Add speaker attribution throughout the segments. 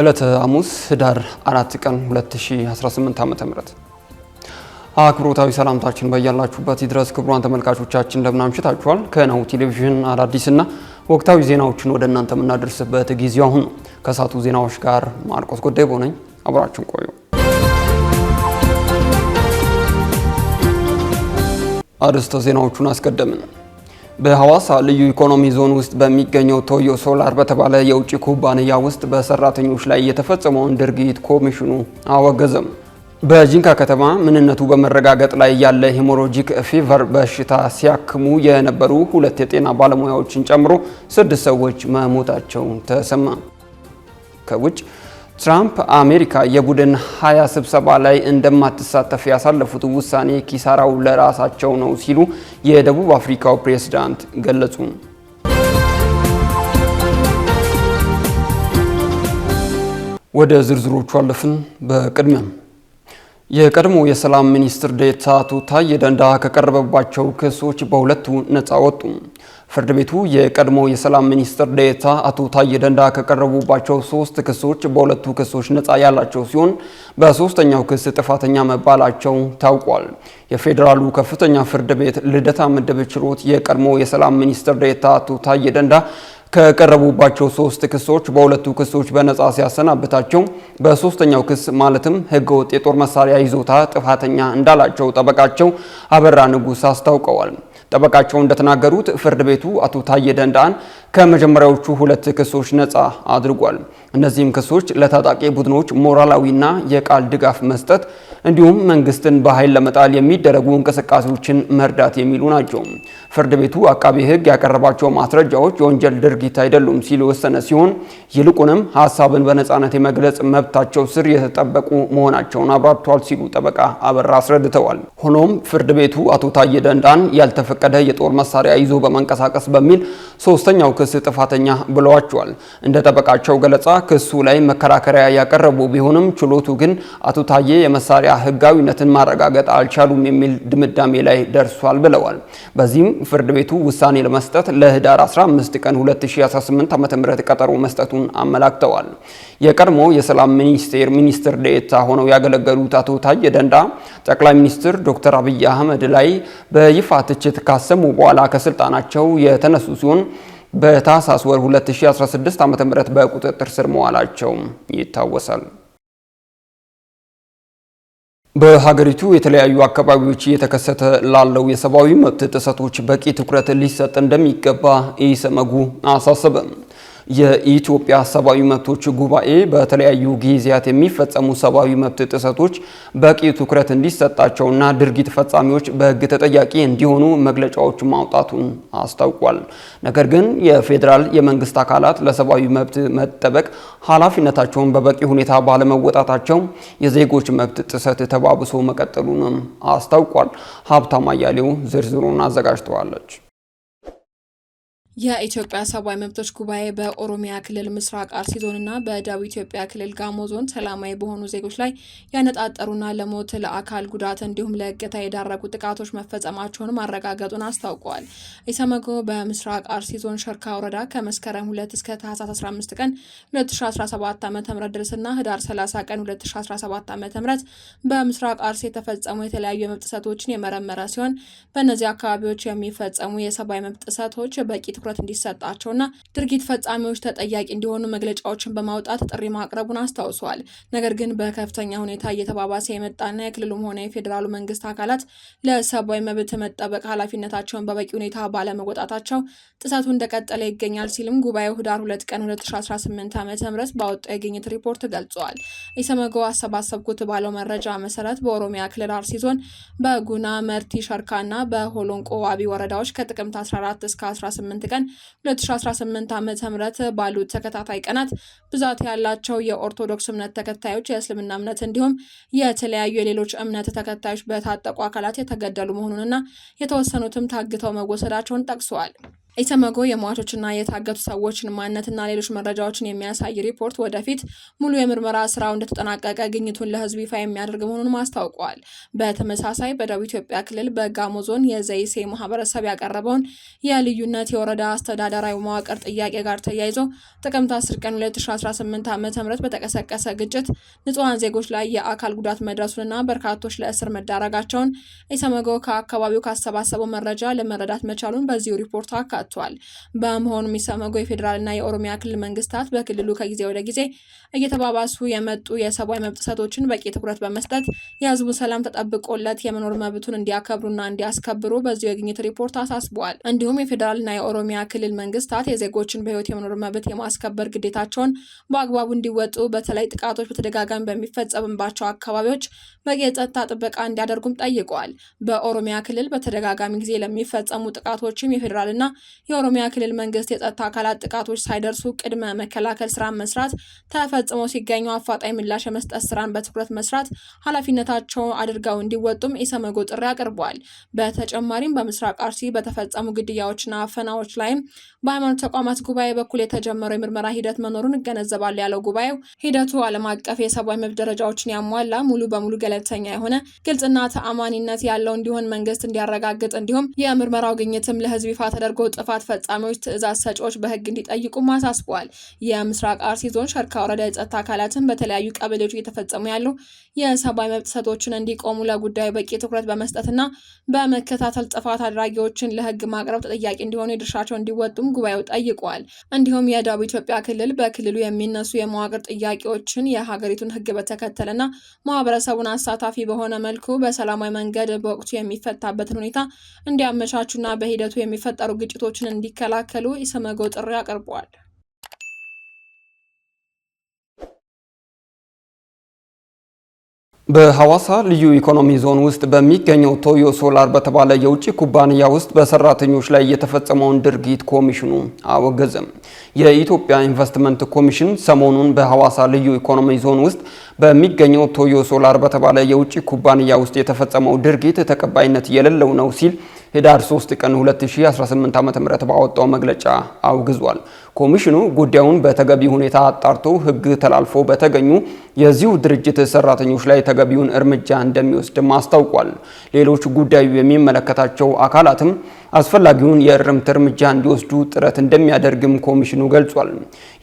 Speaker 1: ዕለተ ሐሙስ ህዳር 4 ቀን 2018 ዓ.ም አክብሮታዊ ሰላምታችን በያላችሁበት ይድረስ። ክቡራን ተመልካቾቻችን እንደምን አምሽታችኋል? ከናሁ ቴሌቪዥን አዳዲስና ወቅታዊ ዜናዎችን ወደ እናንተ የምናደርስበት ጊዜው አሁን ነው። ከእሳቱ ዜናዎች ጋር ማርቆስ ጎዳይ ቦነኝ፣ አብራችን ቆዩ። አርዕስተ ዜናዎቹን አስቀደምን። በሐዋሳ ልዩ ኢኮኖሚ ዞን ውስጥ በሚገኘው ቶዮ ሶላር በተባለ የውጭ ኩባንያ ውስጥ በሰራተኞች ላይ የተፈጸመውን ድርጊት ኮሚሽኑ አወገዘም። በጂንካ ከተማ ምንነቱ በመረጋገጥ ላይ ያለ ሄሞሮጂክ ፊቨር በሽታ ሲያክሙ የነበሩ ሁለት የጤና ባለሙያዎችን ጨምሮ ስድስት ሰዎች መሞታቸውን ተሰማ። ከውጭ ትራምፕ አሜሪካ የቡድን ሀያ ስብሰባ ላይ እንደማትሳተፍ ያሳለፉት ውሳኔ ኪሳራው ለራሳቸው ነው ሲሉ የደቡብ አፍሪካው ፕሬዝዳንት ገለጹ። ወደ ዝርዝሮቹ አለፍን። በቅድሚያም የቀድሞ የሰላም ሚኒስትር ዴታ አቶ ታዬ ከቀረበባቸው ክሶች በሁለቱ ነፃ ወጡ። ፍርድ ቤቱ የቀድሞ የሰላም ሚኒስትር ዴኤታ አቶ ታዬ ደንዳ ከቀረቡባቸው ሶስት ክሶች በሁለቱ ክሶች ነፃ ያላቸው ሲሆን በሶስተኛው ክስ ጥፋተኛ መባላቸው ታውቋል። የፌዴራሉ ከፍተኛ ፍርድ ቤት ልደታ ምድብ ችሎት የቀድሞ የሰላም ሚኒስትር ዴኤታ አቶ ታዬ ደንዳ ከቀረቡባቸው ሶስት ክሶች በሁለቱ ክሶች በነጻ ሲያሰናብታቸው በሶስተኛው ክስ ማለትም ወጥ የጦር መሳሪያ ይዞታ ጥፋተኛ እንዳላቸው ጠበቃቸው አበራ ንጉስ አስታውቀዋል። ጠበቃቸው እንደተናገሩት ፍርድ ቤቱ አቶ ታዬ ደንዳን ከመጀመሪያዎቹ ሁለት ክሶች ነጻ አድርጓል። እነዚህም ክሶች ለታጣቂ ቡድኖች ሞራላዊና የቃል ድጋፍ መስጠት እንዲሁም መንግስትን በኃይል ለመጣል የሚደረጉ እንቅስቃሴዎችን መርዳት የሚሉ ናቸው። ፍርድ ቤቱ አቃቢ ሕግ ያቀረባቸው ማስረጃዎች የወንጀል ድርጊት አይደሉም ሲል የወሰነ ሲሆን ይልቁንም ሀሳብን በነጻነት የመግለጽ መብታቸው ስር የተጠበቁ መሆናቸውን አብራርቷል ሲሉ ጠበቃ አበራ አስረድተዋል። ሆኖም ፍርድ ቤቱ አቶ ታዬ ደንዳን ያልተፈቀደ የጦር መሳሪያ ይዞ በመንቀሳቀስ በሚል ሶስተኛው ክስ ጥፋተኛ ብለዋቸዋል። እንደ ጠበቃቸው ገለጻ ክሱ ላይ መከራከሪያ ያቀረቡ ቢሆንም ችሎቱ ግን አቶ ታዬ የመሳሪያ ህጋዊነትን ማረጋገጥ አልቻሉም የሚል ድምዳሜ ላይ ደርሷል ብለዋል። በዚህም ፍርድ ቤቱ ውሳኔ ለመስጠት ለህዳር 15 ቀን 2018 ዓ.ም ቀጠሮ መስጠቱን አመላክተዋል። የቀድሞ የሰላም ሚኒስቴር ሚኒስትር ዴኤታ ሆነው ያገለገሉት አቶ ታየ ደንዳ ጠቅላይ ሚኒስትር ዶክተር አብይ አህመድ ላይ በይፋ ትችት ካሰሙ በኋላ ከስልጣናቸው የተነሱ ሲሆን በታህሳስ ወር 2016 ዓ.ም በቁጥጥር ስር መዋላቸው ይታወሳል። በሀገሪቱ የተለያዩ አካባቢዎች እየተከሰተ ላለው የሰብአዊ መብት ጥሰቶች በቂ ትኩረት ሊሰጥ እንደሚገባ ኢሰመጉ አሳሰበ። የኢትዮጵያ ሰብአዊ መብቶች ጉባኤ በተለያዩ ጊዜያት የሚፈጸሙ ሰብአዊ መብት ጥሰቶች በቂ ትኩረት እንዲሰጣቸውና ድርጊት ፈጻሚዎች በሕግ ተጠያቂ እንዲሆኑ መግለጫዎች ማውጣቱን አስታውቋል። ነገር ግን የፌዴራል የመንግስት አካላት ለሰብአዊ መብት መጠበቅ ኃላፊነታቸውን በበቂ ሁኔታ ባለመወጣታቸው የዜጎች መብት ጥሰት ተባብሶ መቀጠሉንም አስታውቋል። ሀብታም አያሌው ዝርዝሩን አዘጋጅተዋለች።
Speaker 2: የኢትዮጵያ ሰብአዊ መብቶች ጉባኤ በኦሮሚያ ክልል ምስራቅ አርሲ ዞንና በደቡብ ኢትዮጵያ ክልል ጋሞ ዞን ሰላማዊ በሆኑ ዜጎች ላይ ያነጣጠሩና ለሞት ለአካል ጉዳት እንዲሁም ለእገታ የዳረጉ ጥቃቶች መፈጸማቸውን ማረጋገጡን አስታውቀዋል። ኢሰመጎ በምስራቅ አርሲ ዞን ሸርካ ወረዳ ከመስከረም 2 እስከ ታህሳስ 15 ቀን 2017 ዓ ም ድረስና ህዳር 30 ቀን 2017 ዓ ም በምስራቅ አርሲ የተፈጸሙ የተለያዩ የመብት ጥሰቶችን የመረመረ ሲሆን በእነዚህ አካባቢዎች የሚፈጸሙ የሰብአዊ መብት ጥሰቶች በቂ ትኩረት እንዲሰጣቸውና ድርጊት ፈጻሚዎች ተጠያቂ እንዲሆኑ መግለጫዎችን በማውጣት ጥሪ ማቅረቡን አስታውሰዋል። ነገር ግን በከፍተኛ ሁኔታ እየተባባሰ የመጣና የክልሉም ሆነ የፌዴራሉ መንግስት አካላት ለሰብአዊ መብት መጠበቅ ኃላፊነታቸውን በበቂ ሁኔታ ባለመወጣታቸው ጥሰቱ እንደቀጠለ ይገኛል ሲልም ጉባኤው ህዳር 2 ቀን 2018 ዓ ም ባወጣው የግኝት ሪፖርት ገልጿል። ኢሰመጎ አሰባሰብኩት ባለው መረጃ መሰረት በኦሮሚያ ክልል አርሲ ዞን በጉና መርቲ ሸርካ እና በሆሎንቆ ዋቢ ወረዳዎች ከጥቅምት 14 እስከ 18 ቀን 2018 ዓ ም ባሉት ተከታታይ ቀናት ብዛት ያላቸው የኦርቶዶክስ እምነት ተከታዮች፣ የእስልምና እምነት እንዲሁም የተለያዩ የሌሎች እምነት ተከታዮች በታጠቁ አካላት የተገደሉ መሆኑንና የተወሰኑትም ታግተው መወሰዳቸውን ጠቅሰዋል። ኢሰመጎ የሟቾችና የታገቱ ሰዎችን ማንነትና ሌሎች መረጃዎችን የሚያሳይ ሪፖርት ወደፊት ሙሉ የምርመራ ስራው እንደተጠናቀቀ ግኝቱን ለህዝብ ይፋ የሚያደርግ መሆኑንም አስታውቋል። በተመሳሳይ በደቡብ ኢትዮጵያ ክልል በጋሞ ዞን የዘይሴ ማህበረሰብ ያቀረበውን የልዩነት የወረዳ አስተዳደራዊ መዋቅር ጥያቄ ጋር ተያይዞ ጥቅምት 10 ቀን 2018 ዓ ም በተቀሰቀሰ ግጭት ንጹሐን ዜጎች ላይ የአካል ጉዳት መድረሱንና በርካቶች ለእስር መዳረጋቸውን ኢሰመጎ ከአካባቢው ካሰባሰበው መረጃ ለመረዳት መቻሉን በዚሁ ሪፖርት አካል ተሰጥቷል። በመሆኑም ኢሰመጉ የፌዴራልና የኦሮሚያ ክልል መንግስታት በክልሉ ከጊዜ ወደ ጊዜ እየተባባሱ የመጡ የሰብአዊ መብት ጥሰቶችን በቂ ትኩረት በመስጠት የህዝቡ ሰላም ተጠብቆለት የመኖር መብቱን እንዲያከብሩና እንዲያስከብሩ በዚሁ የግኝት ሪፖርት አሳስበዋል። እንዲሁም የፌዴራልና የኦሮሚያ ክልል መንግስታት የዜጎችን በህይወት የመኖር መብት የማስከበር ግዴታቸውን በአግባቡ እንዲወጡ በተለይ ጥቃቶች በተደጋጋሚ በሚፈጸምባቸው አካባቢዎች በቂ የጸጥታ ጥበቃ እንዲያደርጉም ጠይቀዋል። በኦሮሚያ ክልል በተደጋጋሚ ጊዜ ለሚፈጸሙ ጥቃቶችም የፌዴራልና የኦሮሚያ ክልል መንግስት የጸጥታ አካላት ጥቃቶች ሳይደርሱ ቅድመ መከላከል ስራን መስራት፣ ተፈጽመው ሲገኙ አፋጣኝ ምላሽ የመስጠት ስራን በትኩረት መስራት ኃላፊነታቸው አድርገው እንዲወጡም ኢሰመጎ ጥሪ አቅርቧል። በተጨማሪም በምስራቅ አርሲ በተፈጸሙ ግድያዎችና አፈናዎች ላይም በሃይማኖት ተቋማት ጉባኤ በኩል የተጀመረው የምርመራ ሂደት መኖሩን እገነዘባል ያለው ጉባኤው ሂደቱ ዓለም አቀፍ የሰብአዊ መብት ደረጃዎችን ያሟላ ሙሉ በሙሉ ገለልተኛ የሆነ ግልጽና ተአማኒነት ያለው እንዲሆን መንግስት እንዲያረጋግጥ እንዲሁም የምርመራው ግኝትም ለህዝብ ይፋ ተደርጎ ጥፋት ፈጻሚዎች ትእዛዝ ሰጪዎች በህግ እንዲጠይቁም አሳስበዋል። የምስራቅ አርሲ ዞን ሸርካ ወረዳ የጸጥታ አካላትን በተለያዩ ቀበሌዎች እየተፈጸሙ ያሉ የሰብአዊ መብት ጥሰቶችን እንዲቆሙ ለጉዳዩ በቂ ትኩረት በመስጠትና በመከታተል ጥፋት አድራጊዎችን ለህግ ማቅረብ ተጠያቂ እንዲሆኑ የድርሻቸው እንዲወጡም ጉባኤው ጠይቋል። እንዲሁም የደቡብ ኢትዮጵያ ክልል በክልሉ የሚነሱ የመዋቅር ጥያቄዎችን የሀገሪቱን ህግ በተከተለና ማህበረሰቡን አሳታፊ በሆነ መልኩ በሰላማዊ መንገድ በወቅቱ የሚፈታበትን ሁኔታ እንዲያመቻቹና በሂደቱ የሚፈጠሩ ግጭቶች ጥቃቶችን እንዲከላከሉ ኢሰመጎ ጥሪ አቅርቧል።
Speaker 1: በሐዋሳ ልዩ ኢኮኖሚ ዞን ውስጥ በሚገኘው ቶዮ ሶላር በተባለ የውጭ ኩባንያ ውስጥ በሰራተኞች ላይ የተፈጸመውን ድርጊት ኮሚሽኑ አወገዘም። የኢትዮጵያ ኢንቨስትመንት ኮሚሽን ሰሞኑን በሐዋሳ ልዩ ኢኮኖሚ ዞን ውስጥ በሚገኘው ቶዮ ሶላር በተባለ የውጭ ኩባንያ ውስጥ የተፈጸመው ድርጊት ተቀባይነት የሌለው ነው ሲል ህዳር 3 ቀን 2018 ዓ.ም ባወጣው መግለጫ አውግዟል። ኮሚሽኑ ጉዳዩን በተገቢ ሁኔታ አጣርቶ ሕግ ተላልፎ በተገኙ የዚሁ ድርጅት ሰራተኞች ላይ ተገቢውን እርምጃ እንደሚወስድም አስታውቋል። ሌሎች ጉዳዩ የሚመለከታቸው አካላትም አስፈላጊውን የእርምት እርምጃ እንዲወስዱ ጥረት እንደሚያደርግም ኮሚሽኑ ገልጿል።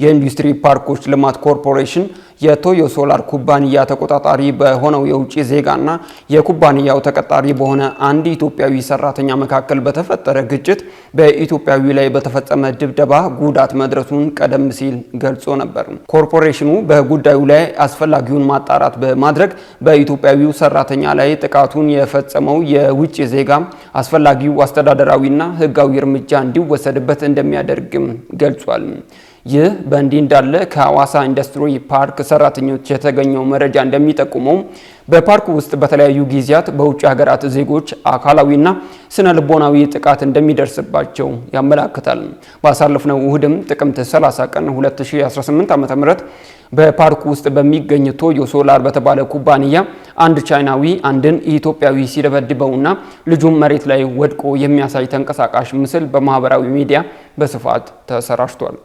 Speaker 1: የኢንዱስትሪ ፓርኮች ልማት ኮርፖሬሽን የቶዮ ሶላር ኩባንያ ተቆጣጣሪ በሆነው የውጭ ዜጋና የኩባንያው ተቀጣሪ በሆነ አንድ ኢትዮጵያዊ ሰራተኛ መካከል በተፈጠረ ግጭት በኢትዮጵያዊ ላይ በተፈጸመ ድብደባ ጉዳት መድረሱን ቀደም ሲል ገልጾ ነበር። ኮርፖሬሽኑ በጉዳዩ ላይ አስፈላጊውን ማጣራት በማድረግ በኢትዮጵያዊው ሰራተኛ ላይ ጥቃቱን የፈጸመው የውጭ ዜጋ አስፈላጊው አስተዳደራዊና ሕጋዊ እርምጃ እንዲወሰድበት እንደሚያደርግም ገልጿል። ይህ በእንዲህ እንዳለ ከሐዋሳ ኢንዱስትሪ ፓርክ ሰራተኞች የተገኘው መረጃ እንደሚጠቁመው በፓርክ ውስጥ በተለያዩ ጊዜያት በውጭ ሀገራት ዜጎች አካላዊና ስነ ልቦናዊ ጥቃት እንደሚደርስባቸው ያመላክታል። ባሳለፍነው እሁድም ጥቅምት 30 ቀን 2018 ዓ ም በፓርኩ ውስጥ በሚገኝ ቶዮ ሶላር በተባለ ኩባንያ አንድ ቻይናዊ አንድን ኢትዮጵያዊ ሲደበድበውና ልጁም መሬት ላይ ወድቆ የሚያሳይ ተንቀሳቃሽ ምስል በማህበራዊ ሚዲያ በስፋት ተሰራጭቷል።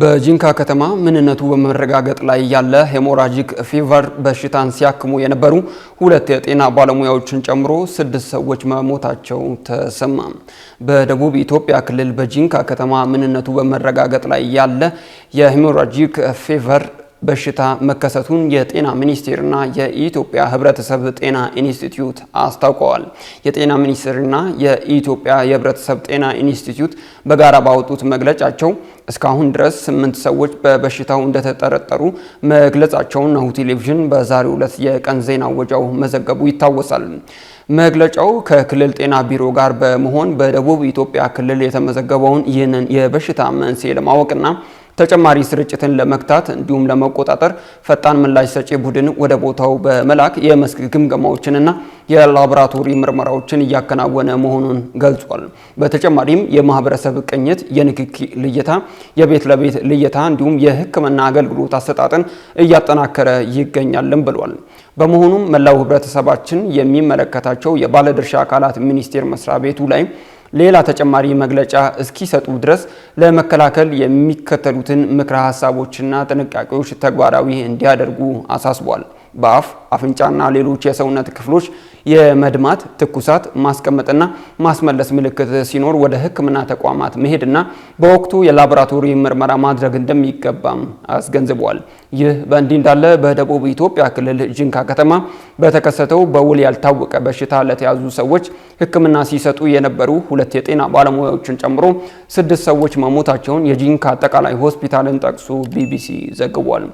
Speaker 1: በጂንካ ከተማ ምንነቱ በመረጋገጥ ላይ ያለ ሄሞራጂክ ፊቨር በሽታን ሲያክሙ የነበሩ ሁለት የጤና ባለሙያዎችን ጨምሮ ስድስት ሰዎች መሞታቸው ተሰማ። በደቡብ ኢትዮጵያ ክልል በጂንካ ከተማ ምንነቱ በመረጋገጥ ላይ ያለ የሄሞራጂክ ፊቨር በሽታ መከሰቱን የጤና ሚኒስቴርና የኢትዮጵያ ህብረተሰብ ጤና ኢንስቲትዩት አስታውቀዋል። የጤና ሚኒስቴርና የኢትዮጵያ የህብረተሰብ ጤና ኢንስቲትዩት በጋራ ባወጡት መግለጫቸው እስካሁን ድረስ ስምንት ሰዎች በበሽታው እንደተጠረጠሩ መግለጻቸውን ናሁ ቴሌቪዥን በዛሬው ዕለት የቀን ዜና ወጃው መዘገቡ ይታወሳል። መግለጫው ከክልል ጤና ቢሮ ጋር በመሆን በደቡብ ኢትዮጵያ ክልል የተመዘገበውን ይህንን የበሽታ መንስኤ ለማወቅና ተጨማሪ ስርጭትን ለመግታት እንዲሁም ለመቆጣጠር ፈጣን ምላሽ ሰጪ ቡድን ወደ ቦታው በመላክ የመስክ ግምገማዎችንና የላቦራቶሪ ምርመራዎችን እያከናወነ መሆኑን ገልጿል። በተጨማሪም የማህበረሰብ ቅኝት፣ የንክኪ ልየታ፣ የቤት ለቤት ልየታ እንዲሁም የሕክምና አገልግሎት አሰጣጥን እያጠናከረ ይገኛልም ብሏል። በመሆኑም መላው ህብረተሰባችን የሚመለከታቸው የባለድርሻ አካላት ሚኒስቴር መስሪያ ቤቱ ላይ ሌላ ተጨማሪ መግለጫ እስኪሰጡ ድረስ ለመከላከል የሚከተሉትን ምክረ ሀሳቦችና ጥንቃቄዎች ተግባራዊ እንዲያደርጉ አሳስቧል። በአፍ አፍንጫና ሌሎች የሰውነት ክፍሎች የመድማት ትኩሳት፣ ማስቀመጥና ማስመለስ ምልክት ሲኖር ወደ ሕክምና ተቋማት መሄድና በወቅቱ የላቦራቶሪ ምርመራ ማድረግ እንደሚገባም አስገንዝቧል። ይህ በእንዲህ እንዳለ በደቡብ ኢትዮጵያ ክልል ጂንካ ከተማ በተከሰተው በውል ያልታወቀ በሽታ ለተያዙ ሰዎች ሕክምና ሲሰጡ የነበሩ ሁለት የጤና ባለሙያዎችን ጨምሮ ስድስት ሰዎች መሞታቸውን የጂንካ አጠቃላይ ሆስፒታልን ጠቅሶ ቢቢሲ ዘግቧል።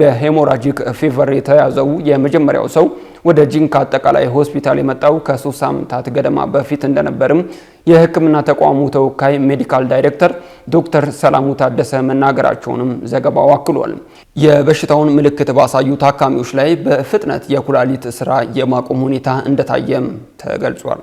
Speaker 1: በሄሞራጂክ ፊቨር የተያዘው የመጀመሪያው ሰው ወደ ጂንካ አጠቃላይ ሆስፒታል የመጣው ከሶስት ሳምንታት ገደማ በፊት እንደነበርም የሕክምና ተቋሙ ተወካይ ሜዲካል ዳይሬክተር ዶክተር ሰላሙ ታደሰ መናገራቸውንም ዘገባው አክሏል። የበሽታውን ምልክት ባሳዩ ታካሚዎች ላይ በፍጥነት የኩላሊት ስራ የማቆም ሁኔታ እንደታየም ተገልጿል።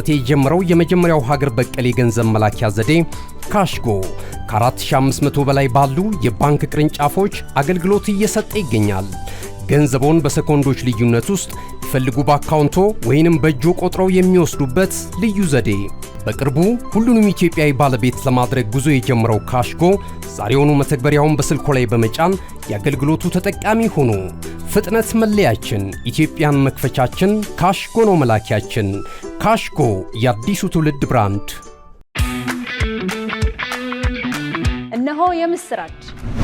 Speaker 3: በመስጠት የጀመረው የመጀመሪያው ሀገር በቀል የገንዘብ መላኪያ ዘዴ ካሽጎ ከ4500 በላይ ባሉ የባንክ ቅርንጫፎች አገልግሎት እየሰጠ ይገኛል። ገንዘቦን በሰኮንዶች ልዩነት ውስጥ ይፈልጉ በአካውንቶ ወይንም በእጆ ቆጥረው የሚወስዱበት ልዩ ዘዴ በቅርቡ ሁሉንም ኢትዮጵያዊ ባለቤት ለማድረግ ጉዞ የጀመረው ካሽጎ ዛሬውኑ መተግበሪያውን በስልኮ ላይ በመጫን የአገልግሎቱ ተጠቃሚ ሆኖ ፍጥነት መለያችን፣ ኢትዮጵያን መክፈቻችን፣ ካሽጎ ነው መላኪያችን። ካሽጎ የአዲሱ ትውልድ ብራንድ።
Speaker 4: እነሆ የምስራች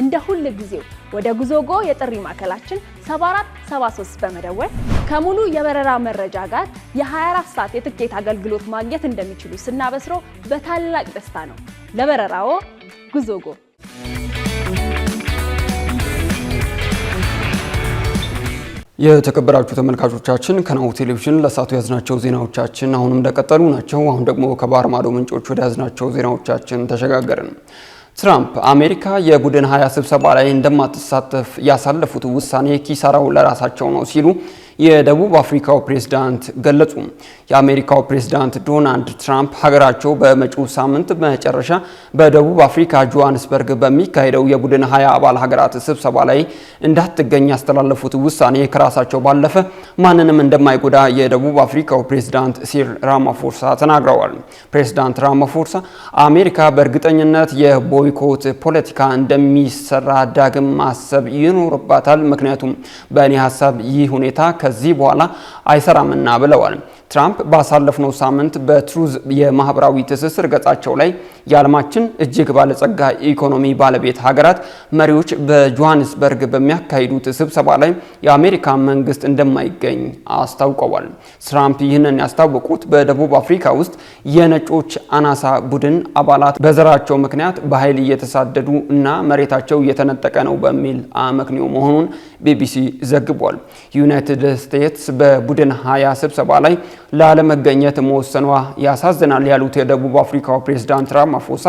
Speaker 4: እንደ ሁል ጊዜው ወደ ጉዞጎ የጥሪ ማዕከላችን 7473 በመደወል ከሙሉ የበረራ መረጃ ጋር የ24 ሰዓት የትኬት አገልግሎት ማግኘት እንደሚችሉ ስናበስሮ በታላቅ ደስታ ነው። ለበረራዎ ጉዞጎ።
Speaker 1: የተከበራችሁ ተመልካቾቻችን ከናሁ ቴሌቪዥን ለሳቱ ያዝናቸው ዜናዎቻችን አሁንም እንደቀጠሉ ናቸው። አሁን ደግሞ ከባህር ማዶ ምንጮች ወደ ያዝናቸው ዜናዎቻችን ተሸጋገርን። ትራምፕ አሜሪካ የቡድን ሀያ ስብሰባ ላይ እንደማትሳተፍ ያሳለፉት ውሳኔ ኪሳራው ለራሳቸው ነው ሲሉ የደቡብ አፍሪካው ፕሬዝዳንት ገለጹ። የአሜሪካው ፕሬዝዳንት ዶናልድ ትራምፕ ሀገራቸው በመጪው ሳምንት መጨረሻ በደቡብ አፍሪካ ጆሃንስበርግ በሚካሄደው የቡድን ሀያ አባል ሀገራት ስብሰባ ላይ እንዳትገኝ ያስተላለፉት ውሳኔ ከራሳቸው ባለፈ ማንንም እንደማይጎዳ የደቡብ አፍሪካው ፕሬዝዳንት ሲር ራማፎርሳ ተናግረዋል። ፕሬዝዳንት ራማፎርሳ አሜሪካ በእርግጠኝነት የቦይኮት ፖለቲካ እንደሚሰራ ዳግም ማሰብ ይኖርባታል፣ ምክንያቱም በእኔ ሀሳብ ይህ ሁኔታ ከዚህ በኋላ አይሰራምና ብለዋል። ትራምፕ ባሳለፍነው ሳምንት በትሩዝ የማህበራዊ ትስስር ገጻቸው ላይ የዓለማችን እጅግ ባለጸጋ ኢኮኖሚ ባለቤት ሀገራት መሪዎች በጆሃንስበርግ በሚያካሂዱት ስብሰባ ላይ የአሜሪካ መንግስት እንደማይገኝ አስታውቀዋል። ትራምፕ ይህንን ያስታወቁት በደቡብ አፍሪካ ውስጥ የነጮች አናሳ ቡድን አባላት በዘራቸው ምክንያት በኃይል እየተሳደዱ እና መሬታቸው እየተነጠቀ ነው በሚል አመክንዮ መሆኑን ቢቢሲ ዘግቧል። ዩናይትድ ስቴትስ በቡድን ሀያ ስብሰባ ላይ ላለመገኘት መወሰኗ ያሳዝናል ያሉት የደቡብ አፍሪካው ፕሬዝዳንት ራማፎሳ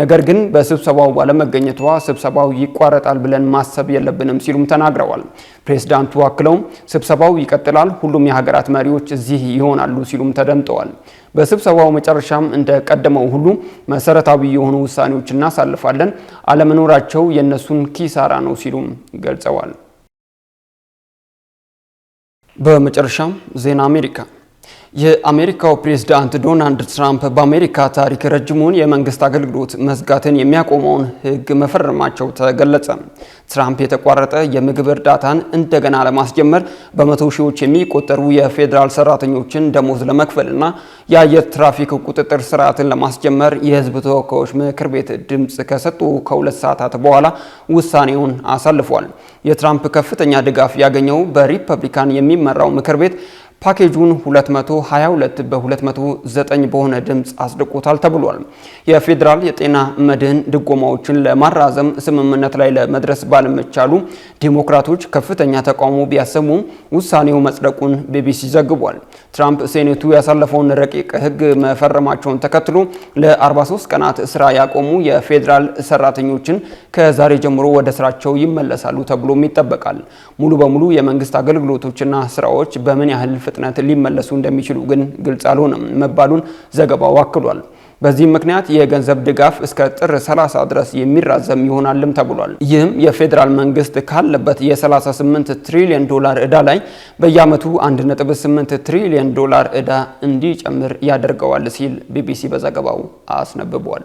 Speaker 1: ነገር ግን በስብሰባው ባለመገኘቷ ስብሰባው ይቋረጣል ብለን ማሰብ የለብንም ሲሉም ተናግረዋል። ፕሬዝዳንቱ አክለውም ስብሰባው ይቀጥላል፣ ሁሉም የሀገራት መሪዎች እዚህ ይሆናሉ ሲሉም ተደምጠዋል። በስብሰባው መጨረሻም እንደ ቀደመው ሁሉ መሰረታዊ የሆኑ ውሳኔዎች እናሳልፋለን፣ አለመኖራቸው የእነሱን ኪሳራ ነው ሲሉም ገልጸዋል። በመጨረሻም ዜና አሜሪካ የአሜሪካው ፕሬዝዳንት ዶናልድ ትራምፕ በአሜሪካ ታሪክ ረጅሙን የመንግስት አገልግሎት መዝጋትን የሚያቆመውን ህግ መፈረማቸው ተገለጸ። ትራምፕ የተቋረጠ የምግብ እርዳታን እንደገና ለማስጀመር በመቶ ሺዎች የሚቆጠሩ የፌዴራል ሰራተኞችን ደሞዝ ለመክፈልና የአየር ትራፊክ ቁጥጥር ስርዓትን ለማስጀመር የህዝብ ተወካዮች ምክር ቤት ድምፅ ከሰጡ ከሁለት ሰዓታት በኋላ ውሳኔውን አሳልፏል። የትራምፕ ከፍተኛ ድጋፍ ያገኘው በሪፐብሊካን የሚመራው ምክር ቤት ፓኬጁን 222 በ209 በሆነ ድምፅ አጽድቆታል ተብሏል። የፌዴራል የጤና መድህን ድጎማዎችን ለማራዘም ስምምነት ላይ ለመድረስ ባለመቻሉ ዲሞክራቶች ከፍተኛ ተቃውሞ ቢያሰሙ ውሳኔው መጽደቁን ቢቢሲ ዘግቧል። ትራምፕ ሴኔቱ ያሳለፈውን ረቂቅ ህግ መፈረማቸውን ተከትሎ ለ43 ቀናት ስራ ያቆሙ የፌዴራል ሰራተኞችን ከዛሬ ጀምሮ ወደ ስራቸው ይመለሳሉ ተብሎም ይጠበቃል። ሙሉ በሙሉ የመንግስት አገልግሎቶችና ስራዎች በምን ያህል ፍጥነት ሊመለሱ እንደሚችሉ ግን ግልጽ አልሆነም መባሉን ዘገባው አክሏል። በዚህም ምክንያት የገንዘብ ድጋፍ እስከ ጥር 30 ድረስ የሚራዘም ይሆናልም ተብሏል። ይህም የፌዴራል መንግስት ካለበት የ38 ትሪሊዮን ዶላር ዕዳ ላይ በየአመቱ 1.8 ትሪሊዮን ዶላር ዕዳ እንዲጨምር ያደርገዋል ሲል ቢቢሲ በዘገባው አስነብቧል።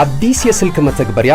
Speaker 3: አዲስ የስልክ መተግበሪያ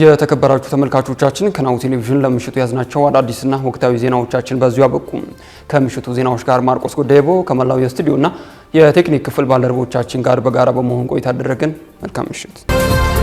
Speaker 1: የተከበራችሁ ተመልካቾቻችን ከናሁ ቴሌቪዥን ለምሽቱ ያዝናቸው አዳዲስና ወቅታዊ ዜናዎቻችን በዚሁ አበቁ። ከምሽቱ ዜናዎች ጋር ማርቆስ ጎዳይቦ ከመላው የስቱዲዮና የቴክኒክ ክፍል ባልደረቦቻችን ጋር በጋራ በመሆን ቆይታ አደረግን። መልካም ምሽት።